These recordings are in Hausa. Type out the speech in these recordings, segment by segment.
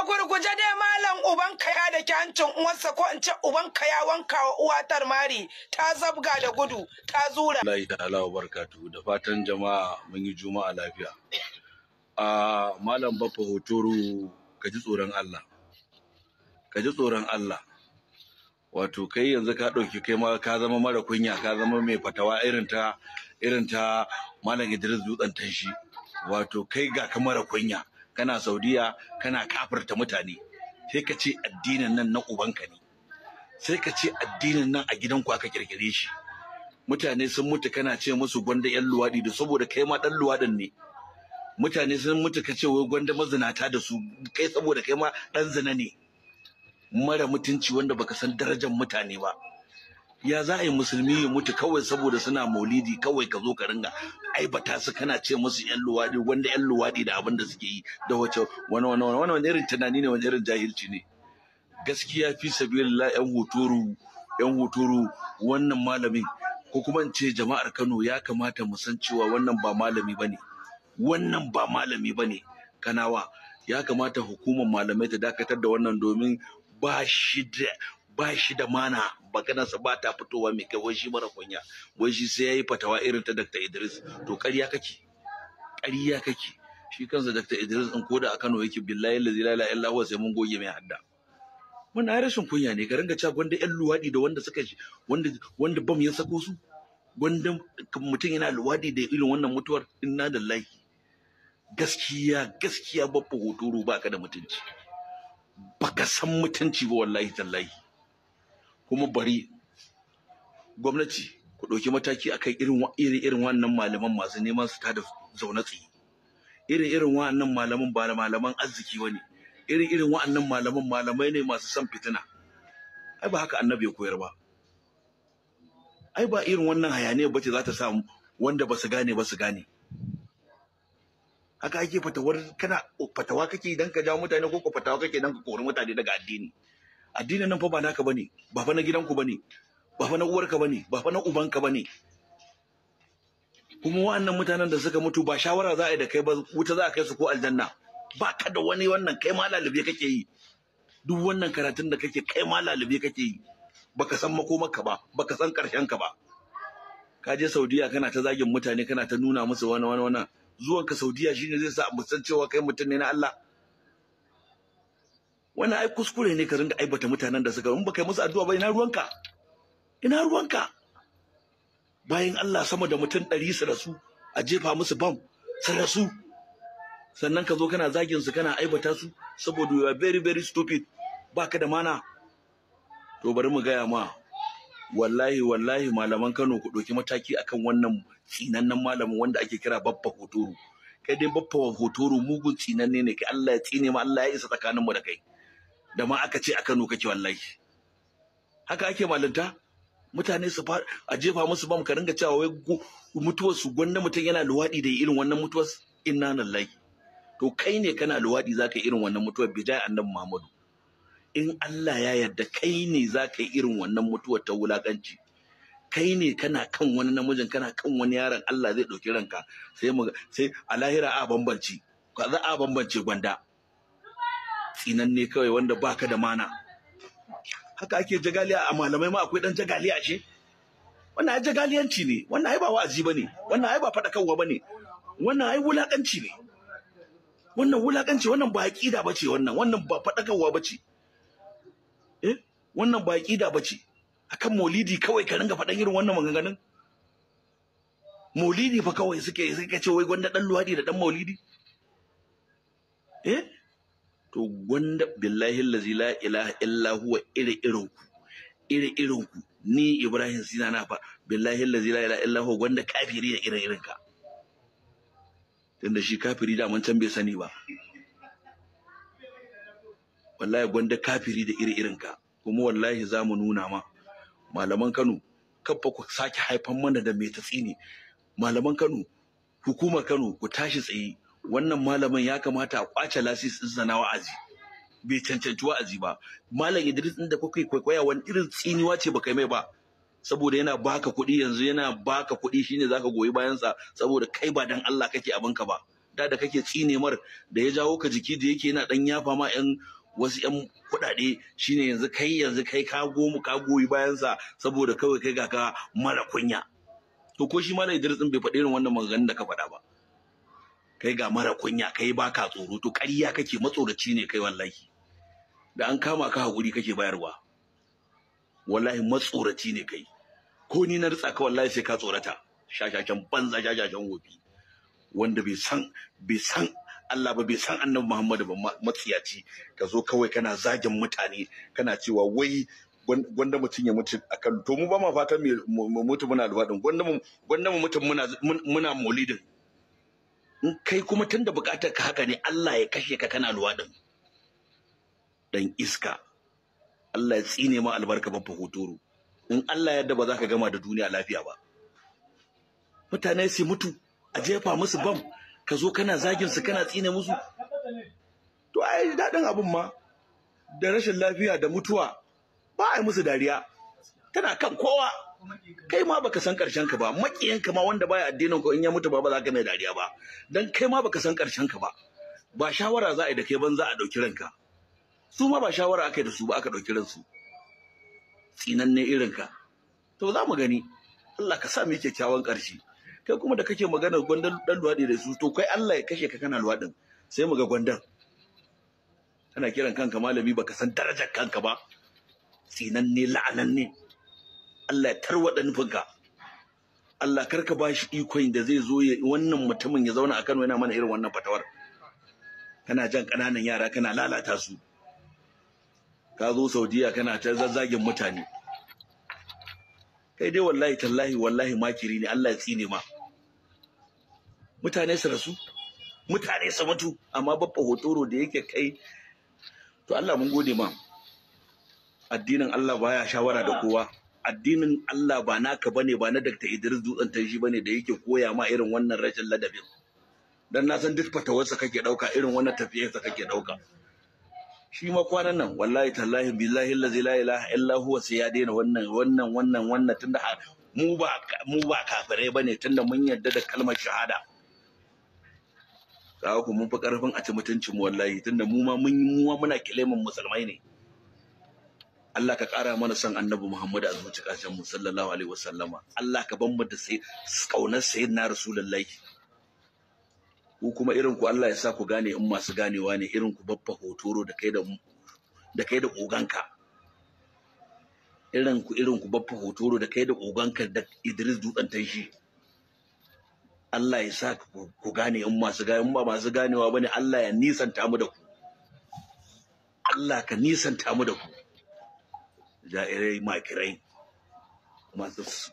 a gurguje dai malam uban kaya da ke hancin ko in ce uban kaya wanka wa uwatar mari ta zabga da gudu ta zura. Allah ta wa barkatu da fatan jama'a mun yi juma'a lafiya. A malam bafa hotoro ka ji tsoron Allah. Ka ji tsoron Allah. Wato kai yanzu ka ɗauki kai ma ka zama mara kunya ka zama mai fatawa irin ta irin ta malam Idris dutsen tanshi. Wato kai ga ka mara kunya. kana saudiya kana kafirta mutane sai ka ce addinin nan na ubanka ne sai ka ce addinin nan a gidan gidanku aka kirkire shi mutane sun mutu kana ce musu gwanda yan luwaɗi da saboda kai ma ɗan luwaɗin ne mutane sun mutu ka ce wai gwanda mazinata da su kai saboda kai ma ɗan zina ne mara mutunci wanda baka san darajar mutane ba ya za a yi musulmi ya mutu kawai saboda suna maulidi kawai ka zo ka ringa ta su kana ce musu yan luwaɗi wanda yan luwaɗi da abin da suke yi da wace wani wani wani wani irin tunani ne wani irin jahilci ne gaskiya fi sabilillah yan hoturu yan hoturu wannan malamin ko kuma in ce jama'ar Kano ya kamata mu san cewa wannan ba malami ba ne. wannan ba malami ba ne. kanawa ya kamata hukumar malamai ta dakatar da wannan domin ba shi da ba shi da mana maganarsa ba ta fitowa mai kai wajen mara kunya wajen sai sai yi fatawa irin ta Dr. Idris to ƙarya kake ƙarya kake shi kansa Dr. Idris in koda a Kano yake billahi la ilaha illa huwa sai mun goge mai hadda Muna rashin kunya ne ka ringa cewa gwanda yan luwaɗi da wanda suka wanda wanda bam ya sako su gwanda mutum yana luwaɗi da irin wannan mutuwar inna da lahi gaskiya gaskiya babba hoto hotoro ka da mutunci baka san mutunci ba wallahi tallahi kuma bari gwamnati ku ɗauki mataki a kai irin irin wannan malaman masu neman su da zaune tsaye irin irin wa'annan malaman ba malaman arziki ne. irin irin wa'annan malaman malamai ne masu son fitina ai ba haka annabi ya koyar ba ai ba irin wannan hayaniyar ce za ta sa wanda ba su gane ba su gane haka ake fatawar kana fatawa kake idan ka jawo mutane ko ka fatawa kake idan ka kori mutane daga addini addinin nan fa ba naka bane ba fa na gidanku bane ba fa na uwarka bane ba fa na ubanka bane kuma wannan mutanen da suka mutu ba shawara za a yi da kai ba wuta za a kai su ko aljanna ba ka da wani wannan kai ma lalube kake yi duk wannan karatun da kake kai ma lalube kake yi baka san makomarka ba baka san karshen ka ba ka je saudiya kana ta zagin mutane kana ta nuna musu wani wani wani zuwanka saudiya shine zai sa mu san cewa kai mutum ne na Allah wani ai kuskure ne ka ringa aibata mutanen da suka in baka yi musu addu'a ba ina ruwanka ina ruwanka bayan Allah sama da mutum ɗari su rasu a jefa musu bam su rasu sannan ka zo kana zagin su kana aibata su saboda you are very very stupid baka da mana to bari mu gaya ma wallahi wallahi malaman Kano ku ɗauki mataki akan wannan tsinannen malamin wanda ake kira babba hotoro kai dai babba hotoro mugun tsinanne ne kai Allah ya tsine ma Allah ya isa tsakanin mu da kai da ma aka ce a Kano kake wallahi haka ake mallanta, mutane su a jefa musu bam ka ringa cewa wai mutuwar su gwanda mutum yana luwaɗi da irin wannan mutuwar inna lillahi to kai ne kana luwaɗi zaka irin wannan mutuwar bijai annabi Muhammadu in Allah ya yarda kai ne zaka yi irin wannan mutuwar ta wulakanci kai ne kana kan wani namijin kana kan wani yaron Allah zai ɗauki ranka sai mu sai a lahira a bambanci za a bambance gwanda Tsinan ne kawai wanda baka da mana haka ake jagaliya a malamai ma akwai dan jagaliya ce wannan ai jagaliyanci ne wannan ai ba wa'azi bane wannan ai ba fadakarwa bane wannan ai wulakanci ne wannan wulakanci wannan ba aqida bace wannan wannan ba fadakarwa bace eh wannan ba aqida bace akan maulidi kawai ka ringa fadan irin wannan maganganun maulidi fa kawai suke suke ce wai gwanda dan luwadi da dan maulidi eh to gwanda billahi allazi la ilaha illa huwa iri irin ku iri irin ku ni Ibrahim Sina na fa billahi allazi la ilaha illa huwa gwanda kafiri da iri irin ka tunda shi kafiri da mun can bai sani ba wallahi gwanda kafiri da iri irin ka kuma wallahi za mu nuna ma malaman Kano kafa ku sake haifan mana da mai tatsi ne malaman Kano hukumar Kano ku tashi tsaye wannan malamin ya kamata a kwace sa na wa'azi bai cancanci wa'azi ba malam idris din da kuke kwaikwaya wani irin tsiniwa ce baka mai ba saboda yana baka kuɗi yanzu yana baka kuɗi shine zaka goyi bayansa saboda kai ba dan Allah kake abinka ba da da kake tsine mar da ya jawo ka jiki da yake yana dan yafa ma yan wasu yan kuɗaɗe shine yanzu kai yanzu kai ka gomu ka goyi bayansa saboda kawai kai ga ka mara kunya to ko shi malam idris din bai faɗi irin wannan maganganun da ka faɗa ba kai ga mara kunya kai baka tsoro to ƙarya kake matsoraci ne kai wallahi da an kama ka hakuri kake bayarwa wallahi matsoraci ne kai ko ni na ritsa ka wallahi sai ka tsorata shashashen banza shashashen wofi wanda bai san bai san Allah ba bai san annabi Muhammadu ba matsiyaci ka zo kawai kana zagin mutane kana cewa wai gwanda mutum ya mutu a kan to mu ba ma fatan mu mutu muna alwadin gwanda mu mutum muna muna maulidin in kai kuma da bukatar ka haka ne Allah ya kashe ka kana luwaɗin dan iska Allah ya tsine ma albarka babba hotoro in Allah yadda ba za ka gama da duniya lafiya ba mutane su mutu a jefa musu bam ka zo kana zagin su kana tsine musu to ai daɗin abin ma da rashin lafiya da mutuwa ba a yi musu dariya tana kan kowa kai ma baka san karshen ka ba makiyan ka ma wanda baya addinin ko in ya mutu ba ba za ka mai dariya ba dan kai ma baka san karshen ka ba ba shawara za a yi da kai ban za a dauki ranka su ma ba shawara aka yi da su ba aka dauki ransu Tsinan ne irin ka to za mu gani Allah ka sa mu kyakkyawan karshe kai kuma da kake magana gwandan dan luwadi da su to kai Allah ya kashe ka kana luwadin sai mu ga gwandan kana kiran kanka malami baka san darajar kanka ba Tsinan ne la'anan ne. Allah ya tarwada nufinka Allah karka ba shi ikon da zai zo wannan mutumin ya zauna a Kano yana mana irin wannan fatawar kana jan ƙananan yara kana lalata su ka zo Saudiya kana ta zazzagin mutane kai dai wallahi tallahi wallahi makiri ne Allah ya tsine ma mutane su rasu mutane su mutu amma babba hotoro da yake kai to Allah mun gode ma addinin Allah baya shawara da kowa addinin Allah ba naka bane ba na Dr. Idris Dutsen Tanshi bane da yake koya ma irin wannan rashin ladabin dan na san duk fatawarsa kake dauka irin wannan sa kake dauka shi ma kwanan nan wallahi tallahi billahi allazi la ilaha illa huwa sai ya daina wannan wannan wannan wannan tunda mu ba mu ba kafirai bane tunda mun yarda da kalmar shahada kawo ku mun fi karfin a ci mutuncin mu wallahi tunda mu ma mun mu muna kilemin musulmai ne Allah ka ƙara mana son annabi Muhammad a zuci ƙarshen mu sallallahu alaihi wasallama Allah ka bambanta sai kaunar sayyidina rasulullahi ku kuma irin ku Allah ya sa ku gane in masu ganewa ne irin ku babba hotoro da kai da da kai da oganka irin ku irin ku babba hotoro da kai da oganka da Idris dutsen tanshi Allah ya sa ku gane in masu ga in ba masu ganewa bane Allah ya nisanta mu da ku Allah ka nisanta mu da ku jairai makirai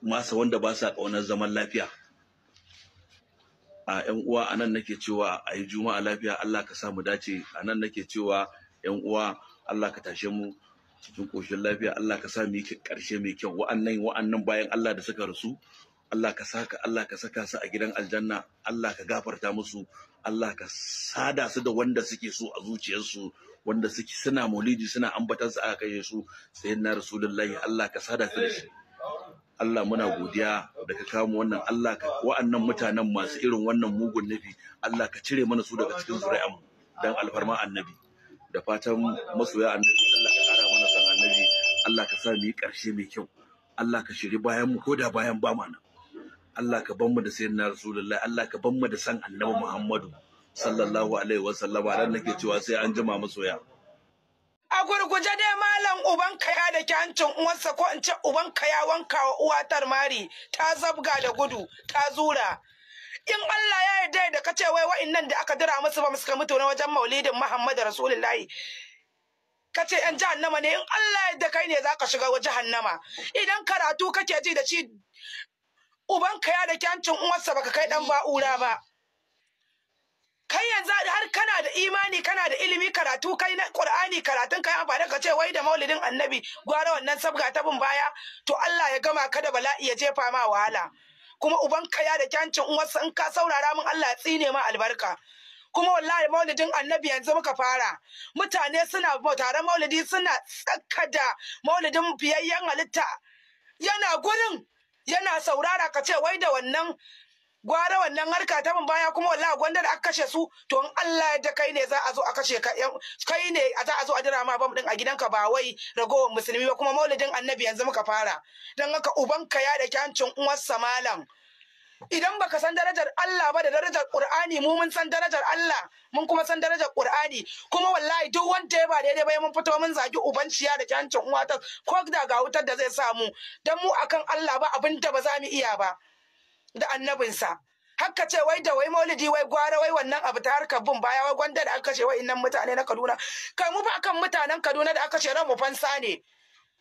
masu wanda ba sa ƙaunar zaman lafiya a yan uwa a nan nake cewa a yi juma'a lafiya Allah ka samu dace A nan nake cewa yan uwa Allah ka tashe mu cikin koshin lafiya Allah ka sa mu yi ƙarshe mai kyau wa'annan wa'annan bayan Allah da suka rasu Allah ka saka Allah ka saka su a gidan aljanna Allah ka gafarta musu Allah ka sada su da wanda suke so a zuciyarsu wanda suke suna maulidi suna ambatar su aka kashe su sayyidina rasulullahi Allah ka sada su da shi Allah muna godiya da ka kamo wannan Allah ka wa'annan mutanen masu irin wannan mugun nufi Allah ka cire mana su daga cikin zuri'an dan alfarma annabi da fatan masoya annabi Allah ka kara mana san annabi Allah ka sa mu yi karshe mai kyau Allah ka shiri bayan mu koda bayan ba mana Allah ka ban mu da sayyidina rasulullahi Allah ka ban mu da san annabi Muhammadu sallallahu alaihi wasallama ran nake cewa sai an jima masoya a gurguje dai malam uban kaya da ke hancin uwarsa ko in ce uban kaya wanka wa uwatar mari ta zabga da gudu ta zura in Allah ya yarda da ka ce wai wa'annan da aka dira musu ba suka mutu na wajen maulidin Muhammadu Rasulullahi ka ce yan jahannama ne in Allah ya yarda kai ne za ka shiga jahannama idan karatu kake ji da shi uban kaya da kyancin uwarsa baka kai dan ba'ura ba kai yanzu har kana da imani kana da ilimi karatu kai na qur'ani karatun kai amfani ka ce wai da maulidin annabi gwara wannan sabga ta bin baya to Allah ya gama ka da bala'i ya jefa ma wahala kuma uban ya da kyancin uwarsa in ka saurara mun Allah ya tsine ma albarka kuma wallahi maulidin annabi yanzu muka fara mutane suna tare maulidi suna tsaka da maulidin biyayyen halitta yana gurin yana saurara ka ce wai da wannan gwara wannan harka ta mun baya kuma wallahi gwanda da aka kashe su to in Allah ya da kai ne za a zo a kashe ka kai ne za a zo a jira ma bam din a gidanka ba wai ragowar musulmi ba kuma maulidin annabi yanzu muka fara dan haka ubanka ya da kyancin uwarsa malam idan baka san darajar Allah ba da darajar Qur'ani mu mun san darajar Allah mun kuma san darajar Qur'ani kuma wallahi duk wanda ya ba daidai ba mun fito mun zagi ubanciya da kyancin uwa ta ko da ga wutar da zai samu dan mu akan Allah ba abinda ba za mu iya ba da annabinsa hakka ce wai da wai maulidi wai gwara wai wannan abu ta harkar bin baya wai gwanda da aka ce wai innan mutane na Kaduna kai mu ba kan mutanen Kaduna da aka ce ran mu fansa ne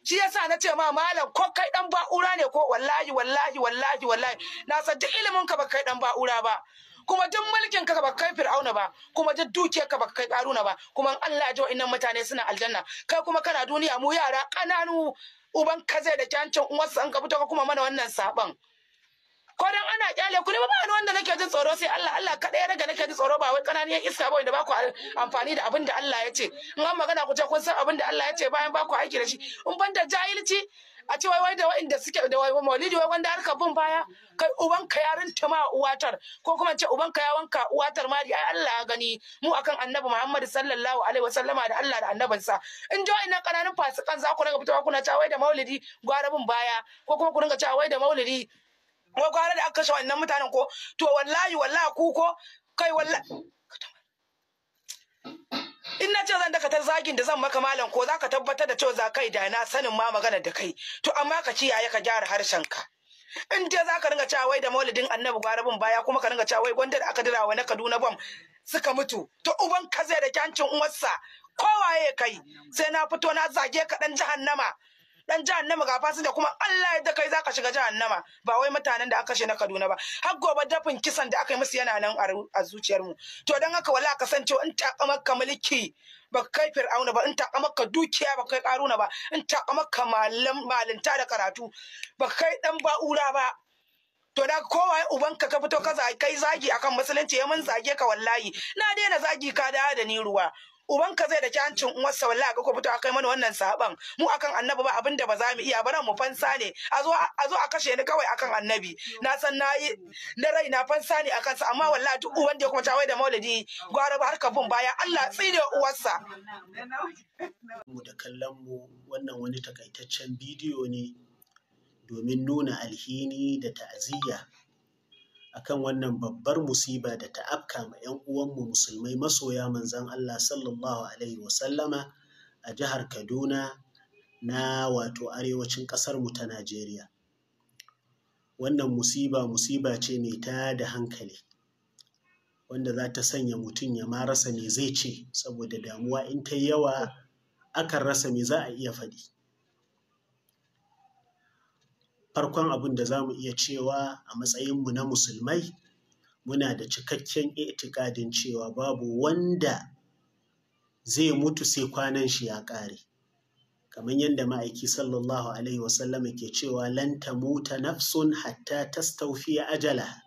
shi yasa na ce ma malam ko kai dan ba'ura ne ko wallahi wallahi wallahi wallahi na san duk ilimin ka ba kai dan ba'ura ba kuma duk mulkin ka ba kai fir'auna ba kuma duk dukiyar ka ba kai karuna ba kuma Allah ya ji wa'annan mutane suna aljanna kai kuma kana duniya mu yara kananu uban kaze da jancin uwarsa an ka fito ka kuma mana wannan saban. ko dan ana kyale ku ne ba ni wanda nake jin tsoro sai Allah Allah kada ya raga nake jin tsoro ba wai kananiyan iska ba wanda ba ku amfani da abin da Allah ya ce in an magana ku ce kun san abin da Allah ya ce bayan ba ku aiki da shi in ban da jahilci a ce wai wai da wa'inda suke da wai maulidi wai wanda harka bin baya kai uban ka ya rinta ma uwatar ko kuma ce uban ka ya wanka uwatar ma ai Allah ya gani mu akan annabi Muhammad sallallahu alaihi wasallama da Allah da annabinsa in ji na kananun fasikan za ku ringa fitowa kuna cewa wai da maulidi gwara bin baya ko kuma ku ringa cewa wai da maulidi ko gwara da aka kashe wannan mutanen ko to wallahi wallahi ku ko kai wallahi in na ce zan dakatar zagin da zan maka malam ko zaka tabbatar da cewa kai da na sanin ma magana da kai to amma ka kiyaye ka gyara harshenka in je za ka ringa cewa wai da maulidin annabi gwarabin baya kuma ka ringa cewa wai gwanda da aka dira wa na kaduna bam suka mutu to uban ka zai da kyancin uwarsa kowaye kai sai na fito na zage ka dan jahannama dan jahannama ga fasinja kuma Allah yadda kai zaka shiga jahannama ba wai mutanen da aka kashe na Kaduna ba har gobe dafin kisan da aka yi musu yana nan a zuciyar mu to dan haka wala ka san in takamar ka mulki ba kai fir'auna ba in takamar ka dukiya ba kai karuna ba in takamar ka malam malinta da karatu ba kai dan ba'ura ba to da kowa ya ubanka ka fito ka kai zagi akan musulunci ya mun zage ka wallahi na daina zagi ka da ni ruwa ubanka zai daki hancin uwarsa wallahi ga ku fito akai mana wannan saban mu akan annabi ba abin da ba za mu iya ba mu fansa ne a zo a kashe ni kawai akan annabi na san na yi na rai na fansa ne akan sa amma wallahi duk uban da ya kuma tawai da maulidi gwara ba harka bin baya Allah tsire uwarsa mu da kallon mu wannan wani takaitaccen bidiyo ne domin nuna alhini da ta'aziyya akan wannan babbar musiba da ta afka ma 'yan uwanmu musulmai masoya manzan Allah sallallahu alaihi wasallama a jihar Kaduna na wato arewacin mu ta Najeriya. Wannan musiba musiba ce mai ta da hankali wanda za ta sanya mutum ya ma rasa me zai ce saboda damuwa in ta yawa akan rasa me za a iya faɗi. farkon abin da za mu iya cewa a matsayinmu na musulmai muna da cikakken itikadin cewa babu wanda zai mutu sai kwanan shi ya ƙare kamar yadda ma'aiki sallallahu alaihi wasallama ke cewa lanta muta nafsun hatta tastawfiya ajala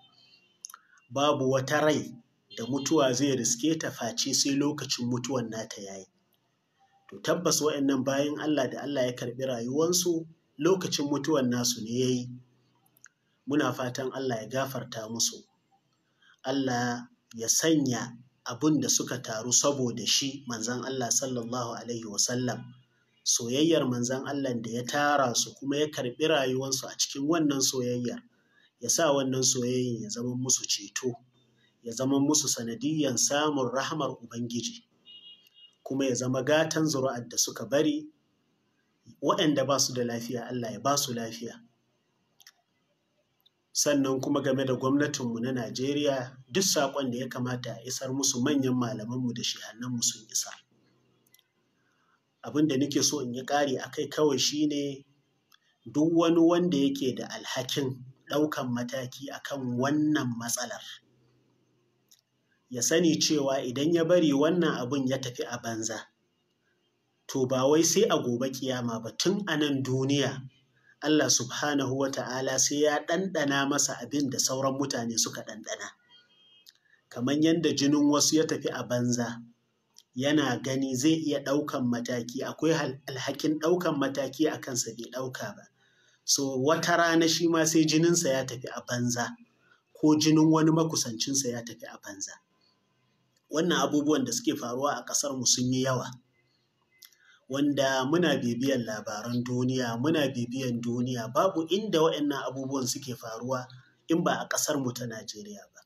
babu wata rai da mutuwa zai riske ta face sai lokacin mutuwan nata yayi to tabbas waɗannan bayan Allah da Allah ya karɓi rayuwansu lokacin mutuwan nasu ne ya yi muna fatan Allah ya gafarta musu Allah ya sanya abun da suka taru saboda shi manzan Allah sallallahu alaihi wasallam soyayyar manzan Allah da ya tara su kuma ya karɓi rayuwansu a cikin wannan soyayyar ya sa wannan soyayyar ya zama musu ceto ya zama musu sanadiyyan samun rahamar Ubangiji kuma ya zama gatan zuru'ar da suka bari waɗanda ba su da lafiya Allah ya ba su lafiya sannan kuma game da gwamnatinmu na Najeriya duk saƙon da ya kamata a isar musu manyan malamanmu da shehannanmu sun isa. abin da nake so in yi ƙari a kai kawai shi ne duk wani wanda yake da alhakin ɗaukan mataki akan wannan matsalar ya sani cewa idan ya bari wannan abin ya tafi a banza to ba wai sai a gobe kiyama ba tun a nan duniya Allah subhanahu wa ta'ala sai ya ɗanɗana masa abin da sauran mutane suka ɗanɗana kamar yadda jinin wasu ya tafi a banza yana gani zai iya ɗaukan mataki akwai alhakin ɗaukan mataki a kansa bai ɗauka ba so wata rana shi ma sai jininsa ya tafi a banza ko jinin wani makusancinsa ya tafi a banza wannan abubuwan da suke faruwa a ƙasar sun yi yawa wanda muna bibiyan labaran duniya muna bibiyan duniya babu inda waɗannan abubuwan suke faruwa in ba a ƙasar mu ta Najeriya ba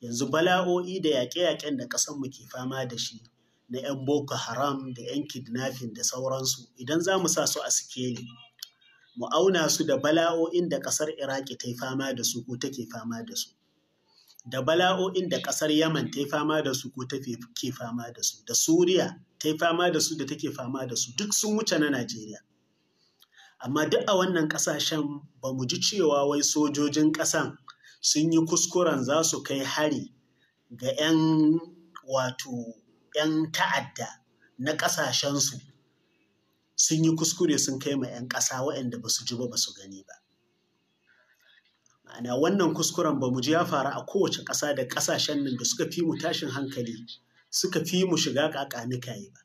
yanzu bala'o'i da yaƙe-yaƙen da ƙasar mu ke fama da shi na 'yan boko haram da 'yan kidnafin da sauransu idan za mu sa su a sikeli mu auna su da bala'o'in da ƙasar iraki ta fama da su ko take fama da su da bala'o'in da ƙasar Yaman ta yi fama da su ko ta ke fama da su, da Suriya ta yi fama da su da take fama da su duk sun wuce na Najeriya. Amma duk a wannan ƙasashen ba mu ji cewa wai sojojin ƙasan sun yi kuskuren za su kai hari ga 'yan wato 'yan ta'adda na ƙasashensu sun yi kuskure sun kai ma 'yan ƙasa waɗanda ba su ji ba ba su gani ba. Ana wannan kuskuren ba mu ji ya faru a kowace ƙasa da ƙasashen nan da suka fi mu tashin hankali suka fi mu shiga ƙaƙanikaye ba.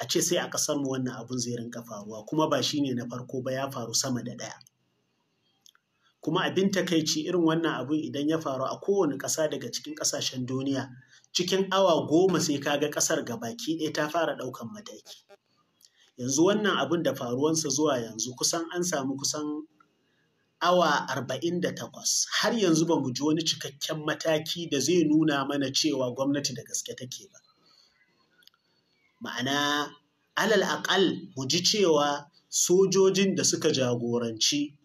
A ce sai a ƙasar mu wannan abun zai rinka faruwa kuma ba shi ne na farko ba ya faru sama da ɗaya. Kuma abin takaici irin wannan abun idan ya faru a kowane ƙasa daga cikin ƙasashen duniya cikin awa goma sai ka ga ƙasar ga baki ɗaya ta fara ɗaukan mataki. Yanzu wannan abun da faruwansa zuwa yanzu kusan an samu kusan awa arba'in da takwas, har yanzu ba mu ji wani cikakken mataki da zai nuna mana cewa gwamnati da gaske take ba. Ma'ana alal aƙal mu ji cewa sojojin da suka jagoranci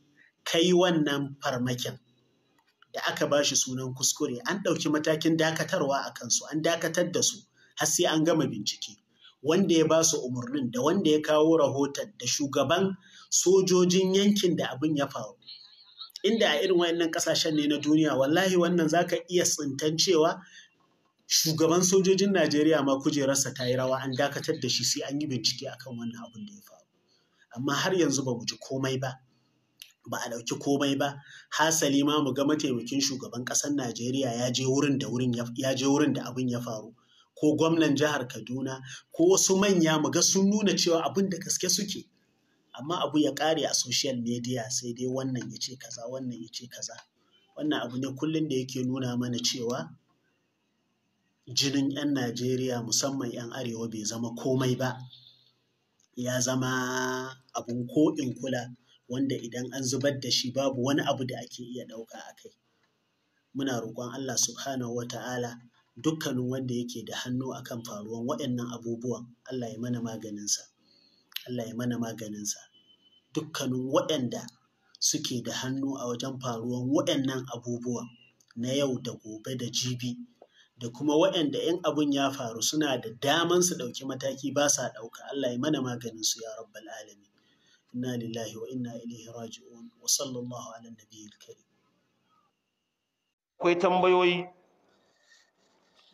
kai wannan farmakin da aka ba shi sunan kuskure an ɗauki matakin dakatarwa a kansu an dakatar da su har sai an gama bincike wanda ya ba su umarnin da wanda ya kawo rahoton da shugaban sojojin yankin da abin ya faru inda a irin wayannan kasashen ne na duniya wallahi wannan zaka iya tsintan cewa shugaban sojojin Najeriya ma kujerarsa ta yi rawa an dakatar da shi sai an yi bincike akan wannan abin da ya faru amma har yanzu ba mu ji komai ba ba a ɗauki komai ba hasali ma mu ga mataimakin shugaban ƙasar Najeriya ya je wurin da wurin ya je wurin da abin ya faru ko gwamnan jihar Kaduna ko wasu manya mu ga sun nuna cewa abin da gaske suke amma abu ya ƙare a social media sai dai wannan ya ce kaza wannan ya ce kaza wannan abu ne kullum da yake nuna mana cewa jinin 'yan najeriya musamman 'yan arewa bai zama komai ba ya zama abun ko'in kula wanda idan an zubar da shi babu wani abu da ake iya ɗauka a kai muna roƙon allah subhanahu wa ta'ala dukkanin wanda yake da hannu akan faruwan waɗannan abubuwan allah ya mana maganinsa Allah ya mana maganinsa dukkanin waɗanda suke da hannu a wajen faruwan waɗannan abubuwa na yau da gobe da jibi da kuma waɗanda ‘yan abun ya faru suna da daman su ɗauki mataki ba sa ɗauka Allah ya mana maganin su ya rabbal alamin inna lillahi wa inna ilaihi raji'un wa sallallahu ala nabiyil karim akwai tambayoyi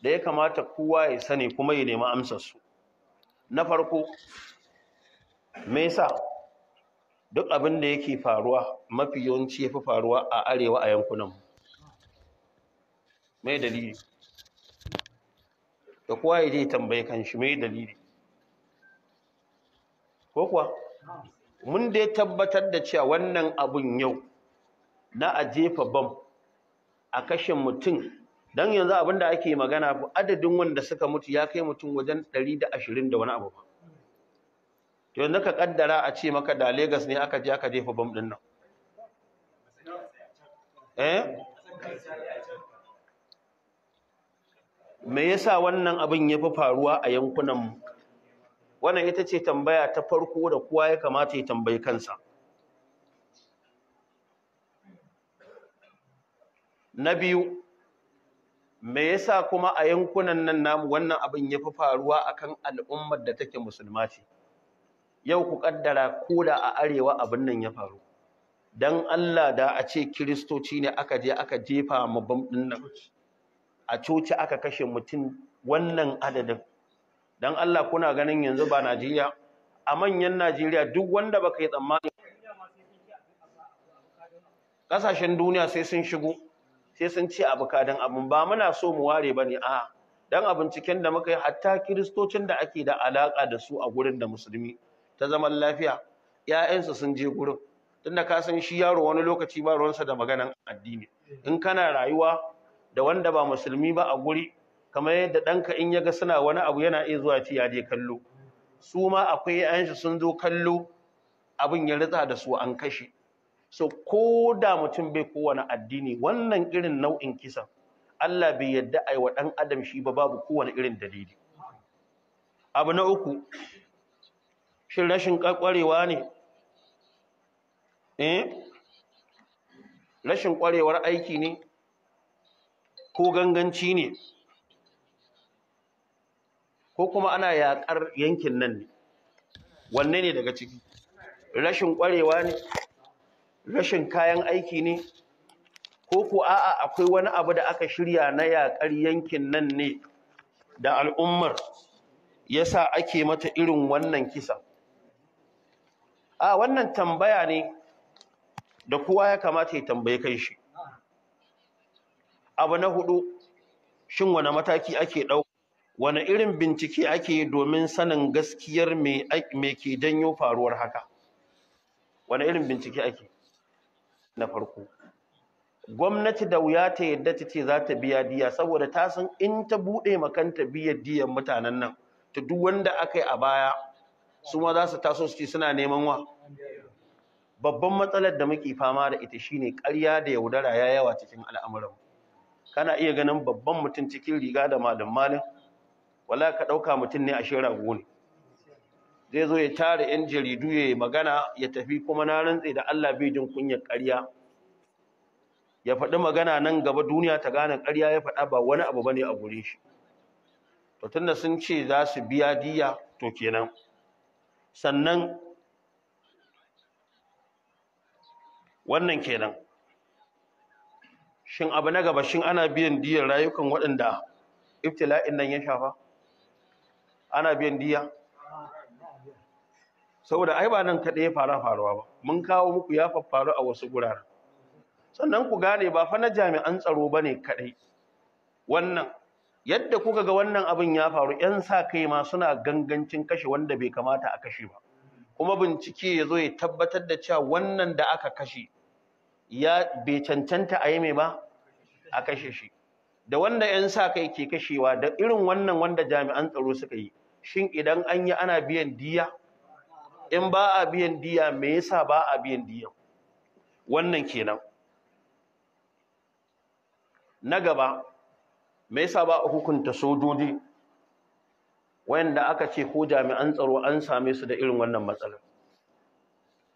da ya kamata kowa ya sani kuma ya nemi amsar su na farko me yasa duk abin da yake faruwa mafi yawanci yafi faruwa a arewa a yankunan mai dalili da kowa ya je tambaye kan shi mai dalili ko kuwa mun dai tabbatar da cewa wannan abun yau na a jefa bam a kashe mutum don yanzu abin da ake magana adadin wanda suka mutu ya kai mutum wajen 120 da wani abu ba to yanzu ka kaddara a ce maka da Lagos ne aka je aka jefa bomb din nan eh me yasa wannan abin ya fi faruwa a yankunan mu wannan ita ce tambaya ta farko da kowa ya kamata ya tambayi kansa na biyu me yasa kuma a yankunan nan namu wannan abin ya fi faruwa akan al'ummar da take musulma ce yau ku kaddara da a arewa abin nan ya faru dan Allah da a ce kristoci ne aka je aka jefa mabam din nan a coci aka kashe mutum wannan adadin dan Allah kuna ganin yanzu ba Najeriya a manyan Najeriya duk wanda baka yi tsammani kasashen duniya sai sun shigo sai sun ce abu kadan abun ba muna so mu ware bane a dan abincin da muka yi hatta kiristocin da ake da alaka da su a gurin da musulmi ta zaman lafiya ‘ya'yansa sun je gurin tunda ka san shi yaro wani lokaci ba ruwansa da maganan addini in kana rayuwa da wanda ba musulmi ba a guri kamar yadda ɗanka in ya ga suna wani abu yana iya zuwa ci ya kallo su ma akwai ‘ya'yansa sun zo kallo abin ya ritsa da su an kashe so ko da mutum bai kowane addini wannan irin nau'in kisan Allah bai yadda a yi wa ɗan adam shi ba babu kowane irin dalili abu na uku shin rashin ƙwarewa ne eh rashin ƙwarewar aiki ne ko ganganci ne ko kuma ana yaƙar yankin nan ne wanne ne daga ciki rashin ƙwarewa ne rashin kayan aiki ne ko ko a'a akwai wani abu da aka shirya na yaƙar yankin nan ne da al'ummar yasa ake mata irin wannan kisa a wannan tambaya ne da kowa ya kamata ya tambaye kan shi abu na hudu shin wani mataki ake ɗau wani irin bincike ake domin sanin gaskiyar me ke janyo faruwar haka wani irin bincike ake na farko gwamnati da wuya ta yadda ta ce za ta biya diya saboda ta san in ta buɗe makanta biya diyan mutanen nan ta duk wanda aka yi a baya su ma za su taso su ce suna neman wa babban matsalar da muke fama da ita shine ƙarya da yaudara ya yawa cikin al'amuran kana iya ganin babban mutum cikin riga da malam malin wala ka ɗauka mutum ne a shira ne? zai zo ya tare yan jaridu ya yi magana ya tafi kuma na rantse da Allah bai jin kunyar ƙarya ya faɗi magana nan gaba duniya ta gane ƙarya ya faɗa ba wani abu bane a gurin shi to tunda sun ce za su biya diya to kenan sannan wannan kenan shin abu na gaba shin ana biyan diyar rayukan waɗanda iftila'in nan ya shafa ana biyan diya saboda ai ba nan kaɗai ya fara faruwa ba mun kawo muku ya faru a wasu guraren sannan ku gane ba fa na jami'an tsaro ba ne kaɗai wannan yadda kuka ga wannan abin ya faru ‘yan sa kai ma suna gangancin kashe wanda bai kamata a kashe ba kuma bincike ya zo ya tabbatar da cewa wannan da aka kashe ya bai cancanta a yi mai ba a kashe shi da wanda ‘yan sa kai ke kashewa da irin wannan wanda jami'an tsaro suka yi shin idan an yi ana biyan diya in ba a biyan diya me yasa ba a biyan diya wannan kenan na gaba me yasa ba hukunta sojoji wanda aka ce ko jami'an tsaro an same su da irin wannan matsalar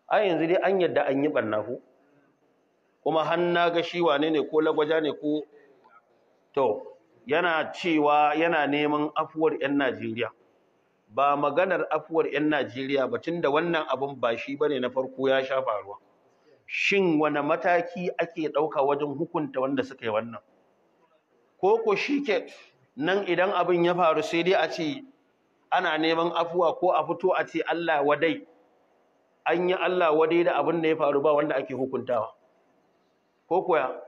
a yanzu dai an yadda an yi barna ko? kuma hanna ga shi wane ne ko lagwaja ne ko to yana cewa yana neman afuwar 'yan Najeriya ba maganar afuwar 'yan Najeriya ba tunda wannan abun ba shi bane na farko ya sha faruwa shin wani mataki ake ɗauka wajen hukunta wanda suka yi wannan ko ko shike nan idan abin ya faru sai dai a ce ana neman afuwa ko a fito a ce Allah wadai an yi Allah wadai da abin da ya faru ba wanda ake hukuntawa ko koya